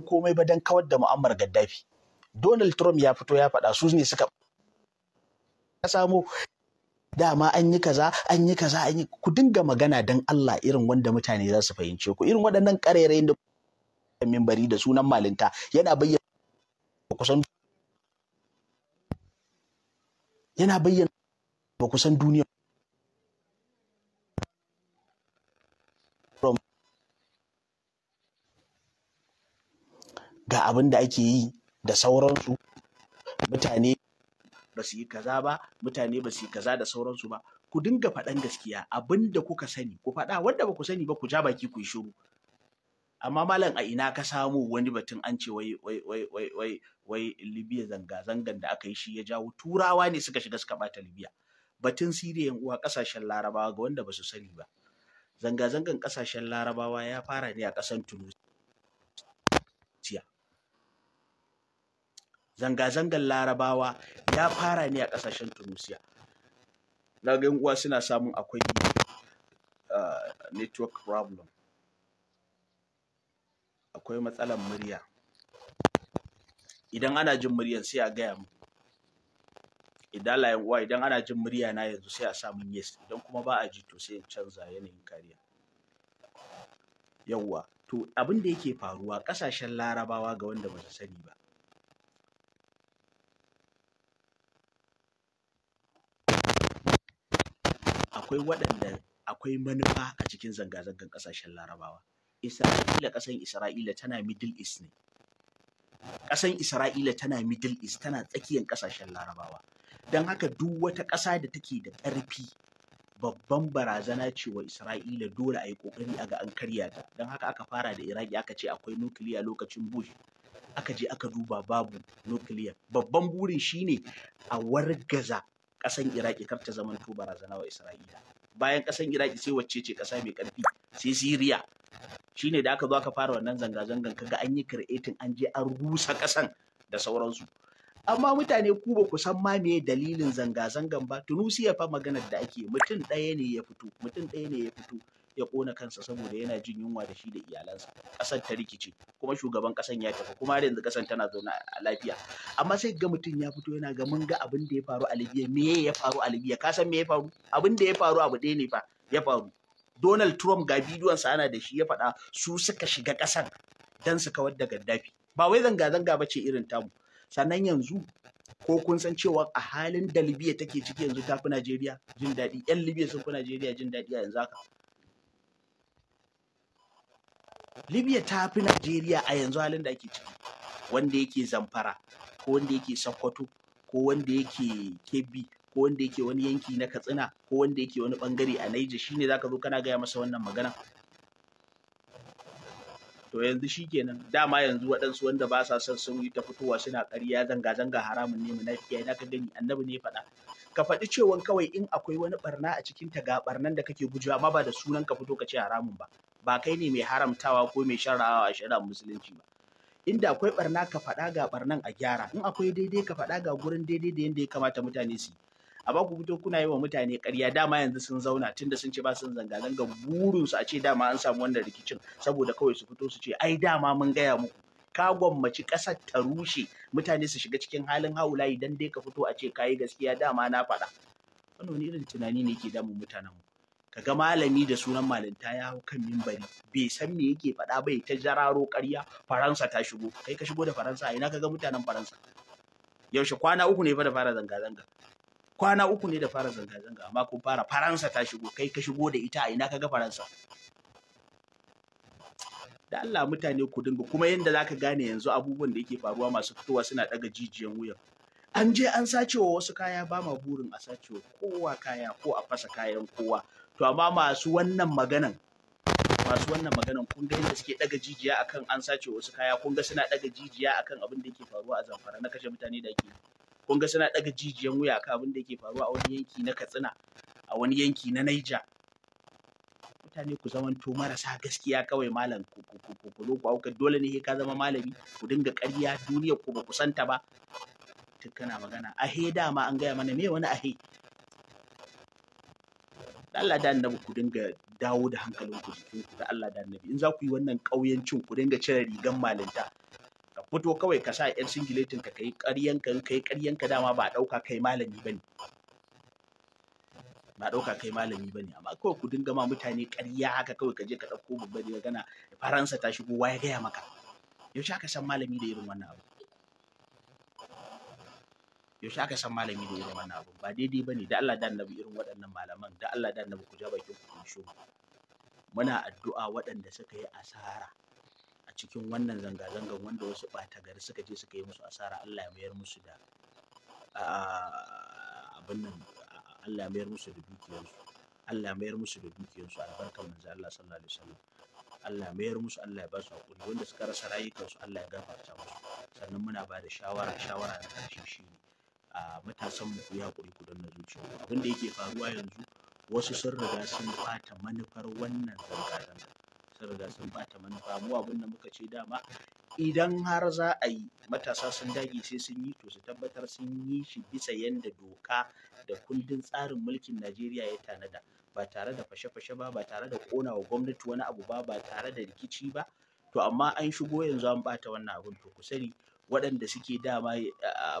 komai ba don kawar da mu'ammar gaddafi donald trump ya fito ya faɗa su ne suka ka samu dama an yi kaza an yi kaza an yi ku dinga magana don allah irin wanda mutane za su fahimce ku irin waɗannan ƙarairayin da mimbari da sunan malinta yana bayyana kusan yana bayyana ba kusan duniya ga abin da ake yi da sauransu mutane ba su yi kaza ba mutane ba su yi kaza da sauransu ba ku dinga faɗan gaskiya abin da kuka sani ku faɗa wanda ba ku sani ba ku ja baki ku yi shiru amma malam a ina ka samu wani batun an ce wai wai wai wai wai wai Libya zanga zangan da aka yi shi ya jawo turawa ne suka shiga suka bata Libya batun Siriya uwa kasashen Larabawa ga wanda ba su sani ba zanga zangan kasashen Larabawa ya fara ne a kasan tunis zanga-zangar larabawa ya fara ne a kasashen tunisia na ga uwa suna samun akwai ah, network problem akwai matsalar murya idan ana jin sai a gaya mu idan layan uwa idan ana jin murya na yanzu sai a samun yes idan kuma ba a ji to sai canza yanayin kariya yawwa to abinda da yake faruwa ƙasashen larabawa ga wanda ba su sani ba akwai waɗanda akwai manufa a cikin zanga-zangar ƙasashen larabawa isra'ila ƙasan isra'ila tana middle east ne Ƙasar isra'ila tana middle east tana tsakiyar ƙasashen larabawa don haka duk wata ƙasa da take da ƙarfi babban barazana ce wa isra'ila dole a yi ƙoƙari a ga an karya ta don haka aka fara da iraki aka ce akwai nukiliya lokacin bush aka je aka duba babu nukiliya babban burin shine a wargaza kasan iraki kar ta zamanto barazana wa isra'ila bayan ƙasan iraki sai wacce ce ƙasa mai ƙarfi sai siriya shine da aka zo aka fara wannan zanga-zangan kaga an yi creating an je an rusa ƙasan da sauransu amma mutane ku ba ku san ma me dalilin zanga-zangan ba tunusiya fa maganar da ake mutum ɗaya ne ya fito mutum ɗaya ne ya fito ya ƙona kansa saboda yana jin yunwa da shi da iyalansa ƙasar ta rikice kuma shugaban ƙasan ya tafi kuma har yanzu ƙasan tana zaune a lafiya amma sai ga mutum ya fito yana ga mun ga abin da ya faru a Libya me ya faru a Libya ka san me ya faru abin da ya faru abu ɗaya ne fa ya faru Donald Trump ga bidiyon sa ana da shi ya faɗa su suka shiga ƙasan dan su kawar da Gaddafi ba wai zanga zanga bace irin tamu sannan yanzu ko kun san cewa a halin da Libya take ciki yanzu ta fi Najeriya jin daɗi 'yan Libya sun fi Najeriya jin daɗi a yanzu haka libya ta fi najeriya a yanzu halin da ake ciki wanda yake zamfara ko wanda yake sokoto ko wanda yake kebbi ko wanda yake wani yanki na katsina ko wanda yake wani bangare a naija shine zaka zo kana gaya masa wannan magana to yanzu shikenan dama yanzu waɗansu wanda ba sa son sun yi ta fitowa suna ƙarya zanga-zanga haramun ne munafiya ina ka gani annabi ne faɗa ka faɗi cewa kawai in akwai wani ɓarna a cikin ta ga ɓarnan da kake gujewa amma ba da sunan ka fito ka ce haramun ba ba kai ne mai haramtawa ko mai sharawa a shari'ar musulunci ba inda akwai ɓarna ka faɗa ga ɓarnan a gyara in akwai daidai ka faɗa ga gurin daidai da yanda ya kamata mutane su yi ba ku fito kuna yi wa mutane ƙarya dama yanzu sun zauna tunda sun ce ba sun zanga zanga burin su a ce dama an samu wannan rikicin saboda kawai su fito su ce ai dama mun gaya muku ka gwammaci ƙasar ta rushe mutane su shiga cikin halin haula idan dai ka fito a ce kayi gaskiya dama na faɗa wannan wani irin tunani ne ke damun mutanen mu kaga malami da sunan malinta ya hau kan mimbari bai san me yake faɗa bai ta jararo ƙarya faransa ta shigo kai ka shigo da faransa A ina kaga mutanen faransa yaushe kwana uku ne fa da fara zanga-zanga kwana uku ne da fara zanga-zanga amma kun fara faransa ta shigo kai ka shigo da ita a ina kaga faransa da Allah mutane ku dinga kuma yanda zaka gane yanzu abubuwan da yake faruwa masu fitowa suna daga jijiyan wuyan an je an sace wa wasu kaya ba ma burin a sacewa kowa kaya ko a fasa kayan kowa to amma masu wannan maganan masu wannan maganan kun ga yadda suke daga jijiya akan an sace wasu kaya kun ga suna daga jijiya akan abin da yake faruwa a zamfara na kashe mutane da ake kun ga suna daga jijiyan wuya akan abin da yake faruwa a wani yanki na katsina a wani yanki na naija mutane ku to marasa gaskiya kawai malam ku ku ku ku auka dole ne ka zama malami ku dinga ƙarya duniyar ku ba ku santa ba kana magana ahe dama an gaya mana me wani ahe da Allah da annabi ku dinga dawo da hankalin ku da Allah da annabi in za ku yi wannan ƙauyancin ku dinga cire rigan malinta ka fito kawai ka sa yan singiletin ka kai ƙaryanka kai ƙaryanka dama ba ɗauka kai malami bane ba ɗauka kai malami ba ne amma kawai ku dinga ma mutane ƙarya haka kawai ka je ka ɗauko babban gana. faransa ta shigo ya gaya maka yaushe aka san malami da irin wannan abu yaushe aka san malami da irin wannan abu ba daidai ba ne da Allah da annabi irin waɗannan malaman da Allah da annabi ku ja bakin ku kunsho muna addu'a waɗanda suka yi asara a cikin wannan zanga-zangan wanda wasu ɓata gari suka je suka yi musu asara Allah ya mayar musu da ah, abin nan Allah mayar musu da dukiyarsu Allah mayar musu da dukiyarsu albarkan manzo Allah sallallahu alaihi wasallam Allah mayar musu Allah ya ba su hakuri wanda suka rasa rayukansu Allah ya gafarta musu sannan muna ba da shawara shawara na karshe shine a matasan mu ku hakuri ku danna zuciya abin da yake faruwa yanzu wasu sun riga sun bata manufar wannan zanga-zanga sun riga sun bata manufa mu abin da muka ce dama idan har za a yi matasa sun dage sai sun yi to su tabbatar sun yi shi bisa yadda doka da kundin tsarin mulkin Najeriya ya tanada ba tare da fashe-fashe ba ba tare da ƙona wa gwamnati wani abu ba ba tare da rikici ba to amma an shigo yanzu an bata wannan abun to ku sani waɗanda suke dama eh,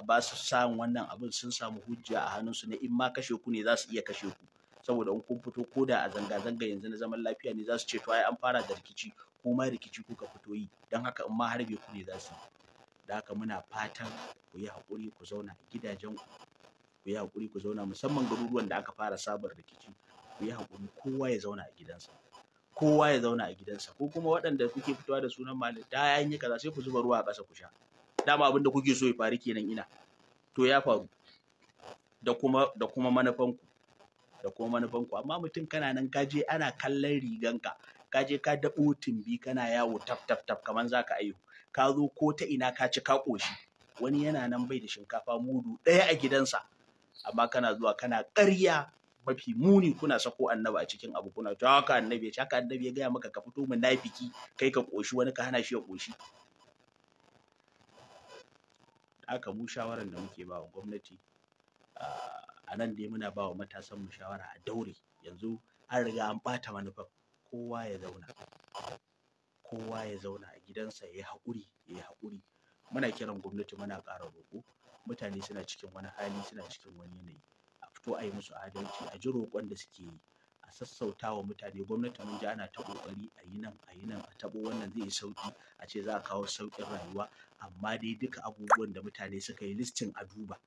ba su samun wannan abun sun samu hujja a hannunsu na in ma kashe ku ne za su iya kashe ku saboda in kun fito ko da a zanga-zanga yanzu na zaman lafiya ne za su ce to ai an fara da rikici ko ma rikici kuka fito yi don haka in ma harbe ku ne za su da haka muna fatan ku yi haƙuri ku zauna a gidajen ku yi haƙuri ku zauna musamman garuruwan da aka fara sabon rikici ku yi haƙuri kowa ya zauna a gidansa kowa ya zauna a gidansa ko kuma waɗanda kuke fitowa da sunan malam da ya yi kaza sai ku zuba ruwa a ƙasa ku sha dama abin da kuke so ya faru kenan ina to ya faru da kuma da kuma manufanku da kuma manufanku amma mutum kana nan ka je ana kallon riganka ka je ka dabo tumbi kana yawo taf taf taf kaman zaka ayo ka zo ko ta ina ka ci ka koshi wani yana nan bai da shinkafa mudu ɗaya a gidansa amma kana zuwa kana ƙarya mafi muni kuna sako annabi a cikin abu kuna to haka annabi ya haka annabi ya gaya maka ka fito munafiki kai ka koshi wani ka hana shi ya koshi haka mu shawaran da muke ba wa gwamnati a nan dai muna ba wa matasan mu shawara a daure yanzu an riga an ɓata manufar kowa ya zauna kowa ya zauna a gidansa ya yi haƙuri ya yi haƙuri muna kiran gwamnati muna ƙara roƙo mutane suna cikin wani hali suna cikin wani yanayi a fito a yi musu adalci a ji roƙon da suke yi a sassauta wa mutane gwamnati mun ji ana ta ƙoƙari a yi nan a yi nan a taɓo wannan zai yi sauƙi a ce za a kawo sauƙin rayuwa amma dai duka abubuwan da mutane suka yi listin a duba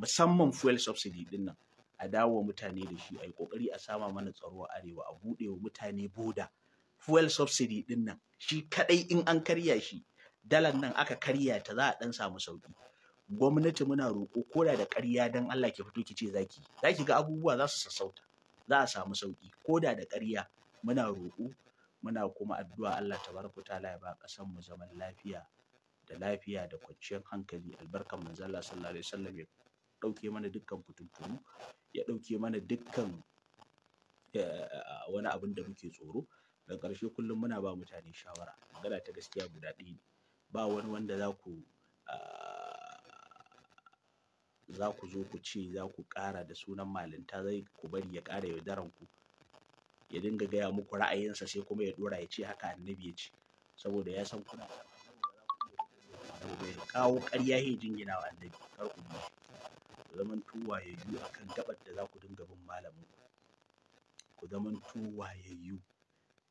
musamman fuel subsidy ɗin nan a dawo mutane da shi a yi ƙoƙari a sama mana tsaro a arewa a buɗe wa mutane boda fuel subsidy din nan shi kaɗai in an karya shi dalar nan aka karya ta za a ɗan samu sauƙi gwamnati muna roƙo ko da da ƙarya don Allah ki fito ki ce zaki zaki ga abubuwa za su sassauta za a samu sauƙi ko da da ƙarya muna roƙo muna kuma addu'a Allah tabaraka ta'ala ya ba ƙasar mu zaman lafiya da lafiya da kwanciyar hankali albarkan manzo Allah sallallahu alaihi wasallam ya dauke mana dukkan fitintunu ya ɗauke mana dukkan eh, wani abin da muke tsoro daga ƙarshe kullum muna ba mutane shawara magana ta gaskiya guda ɗaya ne ba wani wanda za ku ah, za ku zo ku ce za ku ƙara da sunan malinta zai ku bari ya ƙara yaudaran ku ya dinga gaya muku ra'ayinsa sai kuma ya ɗora ya ce haka annabi ya ce saboda ya san kuna kawo ƙarya ya jingina wa annabi kar ku bi ku zamanto wayayyu akan gabar da za ku dinga bin malamin ku zamanto wayayyu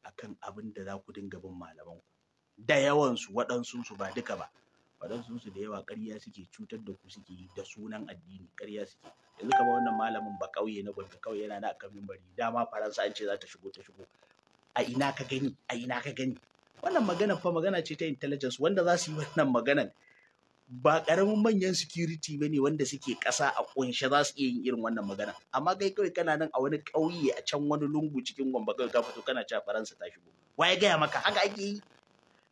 akan abin da za ku dinga bin malaman ku da yawansu waɗansunsu ba duka ba waɗansunsu da yawa ƙarya suke cutar da ku suke yi da sunan addini ƙarya suke yanzu kamar wannan malamin ba ƙauye na gwamnati kawai yana na akan mimbari dama faransa an ce za ta shigo ta shigo a ina ka gani a ina ka gani wannan magana fa magana ce ta intelligence wanda za su yi wannan maganan ba karamin manyan security bane wanda suke ƙasa a kunshe za su iya yin irin wannan magana amma kai kawai kana nan a wani ƙauye a can wani lungu cikin gombe kawai ka fito kana cewa faransa ta shigo waye gaya maka haka ake yi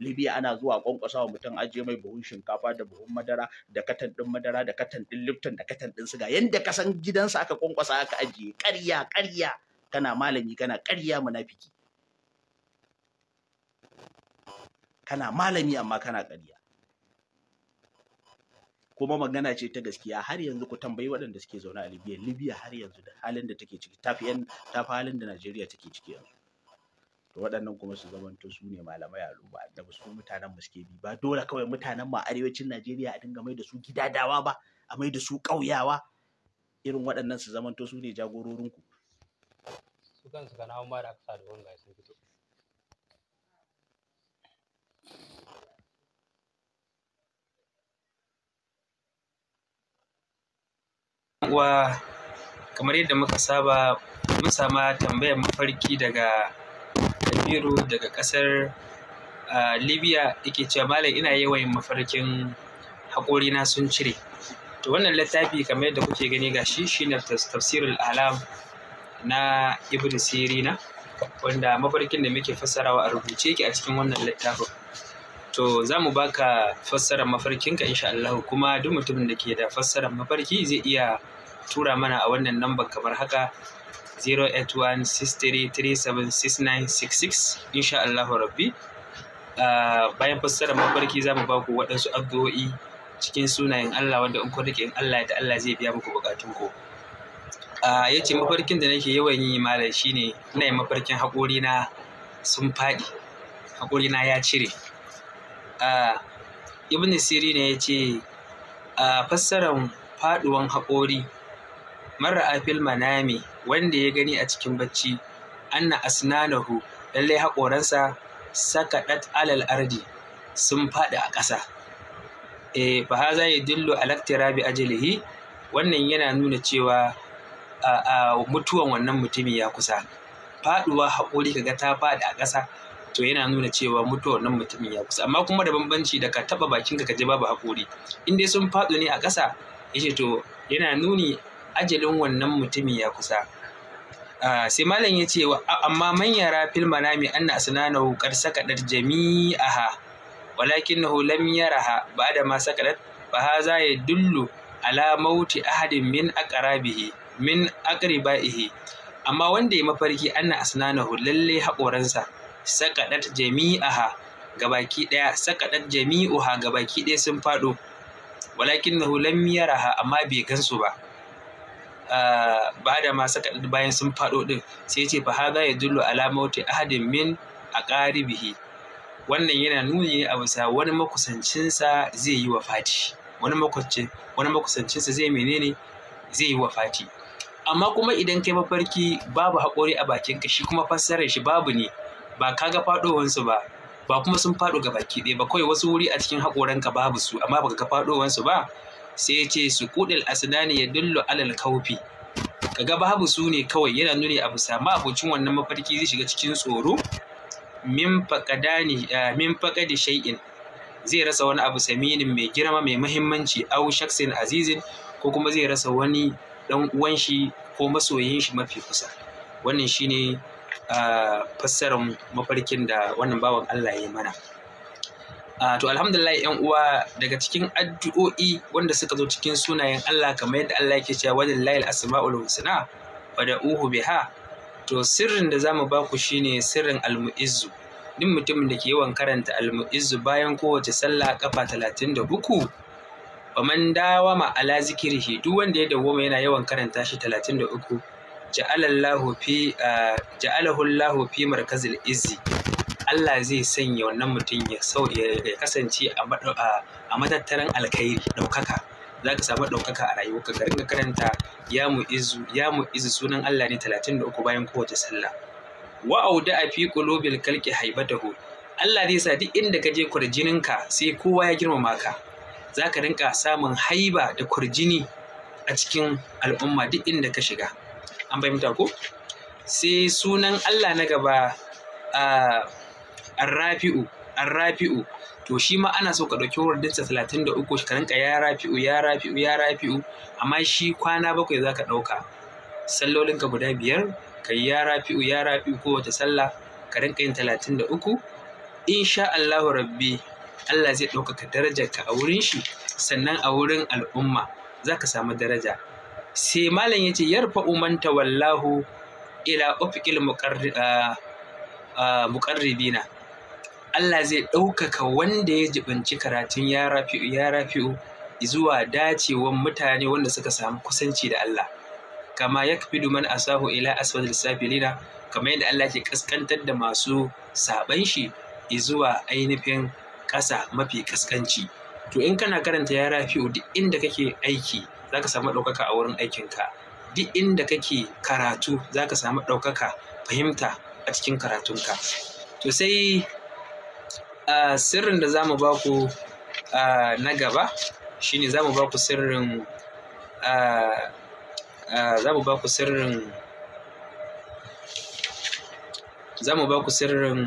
libya ana zuwa kwankwasa wa mutum ajiye mai buhun shinkafa da buhun madara da katan din madara da katan din lipton da katan din siga yanda ka san gidansa aka kwankwasa aka ajiye ƙarya ƙarya kana malami kana ƙarya munafiki kana malami amma kana ƙarya kuma magana ce ta gaskiya har yanzu ku tambayi waɗanda suke zaune a libya libya har yanzu da halin da take ciki tafi yan tafi halin da najeriya take ciki yanzu to waɗannan kuma su zamanto su ne malamai al'umma da su mutanen mu suke bi ba dole kawai mutanen mu arewacin najeriya a dinga mai da su gidadawa ba a mai da su ƙauyawa irin waɗannan su zamanto su ne jagororinku su kansu kana ma da aka sa da wanga sun uwa kamar yadda muka saba mun sama tambayar mafarki daga kabiru daga ƙasar libya yake cewa malam ina yawan mafarkin haƙorina sun cire to wannan littafi kamar yadda kuke gani ga shi shine tafsirul alam na ibn sirina wanda mafarkin da muke fassarawa a rubuce yake a cikin wannan littafin to za mu baka fassarar mafarkinka insha Allah kuma duk mutumin da ke da fassarar mafarki zai iya tura mana a wannan lambar kamar haka 08163376966 insha Allahu rabbi bayan fassara mafarki za mu baku waɗansu addu'o'i cikin sunayen Allah wanda in ko rike in Allah da Allah zai biya muku bukatun ku ya ce mafarkin da nake yawan yi malam shine ina yin mafarkin haƙori na sun faɗi haƙori na ya cire ibn siri ne ya ce fassaran faɗuwan haƙori mar'a fil manami wanda ya gani a cikin bacci anna asnanahu lallai haƙoransa sakadat alal ardi sun faɗi a ƙasa e fa haza yadullu ala bi ajalihi wannan yana nuna cewa a mutuwan wannan mutumin ya kusa faduwa hakori kaga ta faɗi a ƙasa to yana nuna cewa mutuwar wannan mutumin ya kusa amma kuma da bambanci da ka taba bakin ka je babu hakori. in dai sun faɗo ne a ƙasa yace to yana nuni ajalin wannan mutumin ya kusa sai malam ya ce amma man yara fil manami anna asnanahu qad sakadat jami'aha walakinahu lam yaraha ba'da ma sakadat fa ya dullu ala mauti ahadin min aqrabihi min aqribaihi amma wanda ya mafarki anna asnanahu lalle haƙoransa sakadat jami'aha gabaki daya sakadat jami'uha gabaki daya sun fado walakinahu lam yaraha amma bai gansu ba ba da ma saka bayan sun faɗo ɗin sai ce fa haza ya dullo ala mauti ahadin min a aqaribihi wannan yana nuni a bisa wani makusancinsa zai yi wa fati wani makusancin wani makusancinsa zai menene zai yi wa fati amma kuma idan kai mafarki babu haƙori a bakinka shi kuma fassarar shi babu ne ba ka ga faɗowansu ba ba kuma sun faɗo ga baki ɗaya ba kawai wasu wuri a cikin haƙoranka babu su amma baka ga faɗowansu ba sai ya ce asnani ya dullo alal kaufi kaga babu su ne kawai yana nuni a bisa ma wannan mafarki zai shiga cikin tsoro min faqadani eh, min faqadi zai rasa wani abu saminin mai girma mai mahimmanci au shaksin azizin ko kuma zai rasa wani dan uwan shi ko masoyin shi mafi kusa wannan shine eh, fassarar mafarkin da wannan bawan Allah ya yi mana to alhamdulillah yan uwa daga cikin addu'o'i wanda suka zo cikin sunayen Allah kamar yadda Allah yake cewa wajen al asma'ul husna da'uhu biha to sirrin da zamu ba ku shine sirrin almu'izu, duk mutumin da ke yawan karanta almu'izu bayan kowace sallah kafa talatin da man dawa ma ala zikrihi duk wanda ya mai yana yawan karanta shi talatin da ja'alallahu fi ja'alahu Allahu fi markazil izzi Allah zai sanya wannan mutum ya kasance a matattaran alkhairi ɗaukaka za ka samu ɗaukaka a rayuwarka ka ringa karanta ya mu izu sunan Allah ne 33 bayan kowace sallah wa auda a fi qulubil kalki haibatahu Allah zai sa duk inda ka je kurjininka sai kowa ya girmama ka za ka rinka samun haiba da kurjini a cikin al'umma duk inda ka shiga an bai ko sai sunan Allah na gaba a arrafi'u arrafi'u to shi ma ana so ka ɗauki wurdinsa talatin da uku ka rinka ya rafi'u ya rafi'u ya rafi'u amma shi kwana bakwai za ka ɗauka sallolinka guda biyar ka yi ya rafi'u ya rafi'u wata sallah ka rinka yin talatin da uku insha Allahu rabbi Allah zai ɗaukaka ka a wurin shi sannan a wurin al'umma za ka samu daraja sai malam ya ce yarfa umanta wallahu ila ufiqil ah, ah, muqarribina Allah zai ɗaukaka wanda ya jibanci karatun ya rafi'u ya rafi'u zuwa dacewan mutane wanda suka samu kusanci da Allah kama ya duman a asahu ila asfal lina kamar yadda Allah ke ƙasƙantar da masu saɓan shi zuwa ainihin ƙasa mafi ƙasƙanci to in kana karanta ya rafi'u duk inda kake aiki zaka samu ɗaukaka a wurin aikinka duk inda kake karatu zaka samu ɗaukaka fahimta a cikin karatunka to sai sirrin da za mu ba ku na gaba ne za mu ba ku sirrin za mu ba ku sirrin za mu ba ku sirrin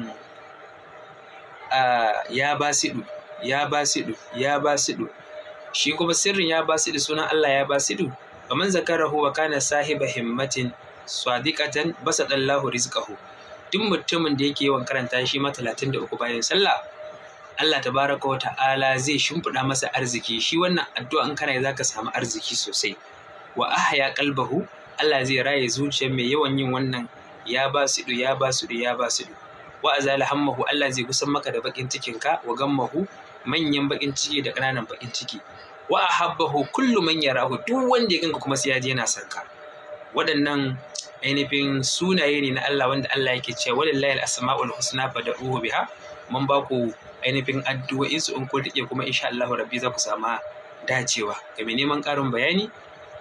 ya basidu ya basidu ya basidu shi kuma sirrin ya basidu sunan Allah ya basidu kamar zakarahu wa kana sahiba himmatin sadiqatan basadallahu rizqahu duk mutumin da yake yawan karanta shi ma talatin da uku bayan sallah Allah tabaraka wa ta'ala zai shimfiɗa masa arziki shi wannan addu'a in kana zaka samu arziki sosai wa ahya kalbahu. Allah zai raye zuciyar mai yawan yin wannan ya ba su ya ba su ya ba su wa azala hammahu Allah zai kusan maka da bakin cikin ka wa gammahu manyan bakin ciki da kananan bakin ciki wa ahabbahu kullu man yarahu duk wanda ya ganka kuma sai ya ji yana sanka waɗannan ainihin sunaye ne na Allah wanda Allah yake cewa walillahi al-asma'ul husna fad'uhu biha mun ba ku ainihin addu'o'in su in ku rike kuma insha Allah rabbi za ku sama dacewa ga mai neman karin bayani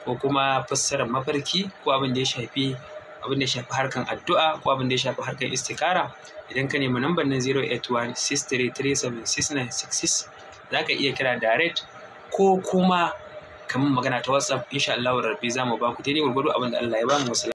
ko kuma fassarar mafarki ko abin da ya shafi abin da ya shafi harkan addu'a ko abin da ya shafi harkan istikara idan ka nemi lambar nan 0816337966 za ka iya kira direct ko kuma kamar magana ta whatsapp insha Allah rabbi za mu ba ku daidai gwargwado abin da Allah ya ba mu